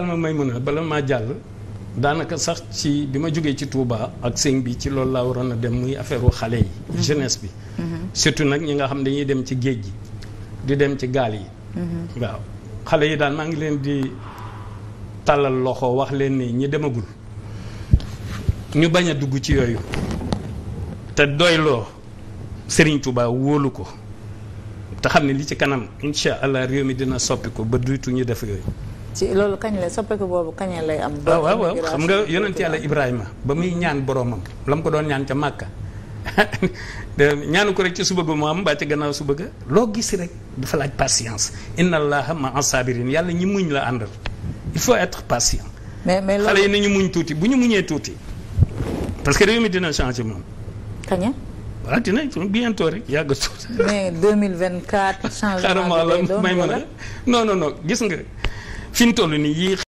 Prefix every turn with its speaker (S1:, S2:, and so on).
S1: baal ma mën a bala maa jàll daanaka sax ci bi ma jógee ci Touba ak sëñ bi ci loolu laa waroon a dem muy affaire u xale yi mhm. jeunesse bi mhm. surtout nag ñi nga xam dañuy dem ci géej gi di dem ci gaal yi mhm. waaw xale yi daal maa ngi leen di tàllal loxo wax leen ni ñi demagul ñu bañ a dugg ci yooyu te doyloo sëriñ Touba wóolu ko te xam ne li ci kanam incha allah réew mi dina soppi ko ba duytu ñu def yooyu
S2: ci loolu kañ la soppeeku boobu kañ lay am. Ah, waaw
S1: waaw xam nga yonent yàlla Ibrahima ba muy ñaan boromam la mu ko doon ñaan ca Màkka ñaanu ko rek ca suba ba mu am mbaa ca gannaaw su bëgg loo gis rek dafa laaj patience inna allaha ma'a sabirin yàlla ñi muñ la àndal il faut être patient. mais mais loolu xale yi nañu muñ tuuti bu ñu muñee tuuti parce que réew mi dina changer moom. kañ. waaw dina bientôt rek yàgg tuuti. mais 2024.
S2: changement bi
S1: non non non gis nga. fi mu toll nii yii